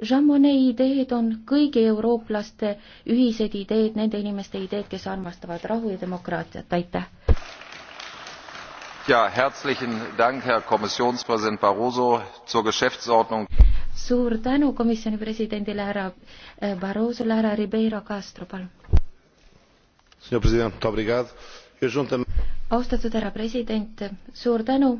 Jean Monnet ideed on kõigi eurooplaste ühised ideed, nende inimeste ideed, kes armastavad rahu ja demokraatiat, aitäh! Ja, herzlichen Dank, Herr Kommissionspräsident Barroso, zur Geschäftsordnung. suur tänu komisjoni presidendile härra äh, Barrosole, härra Ribeiro Castro, palun. austatud härra president, suur tänu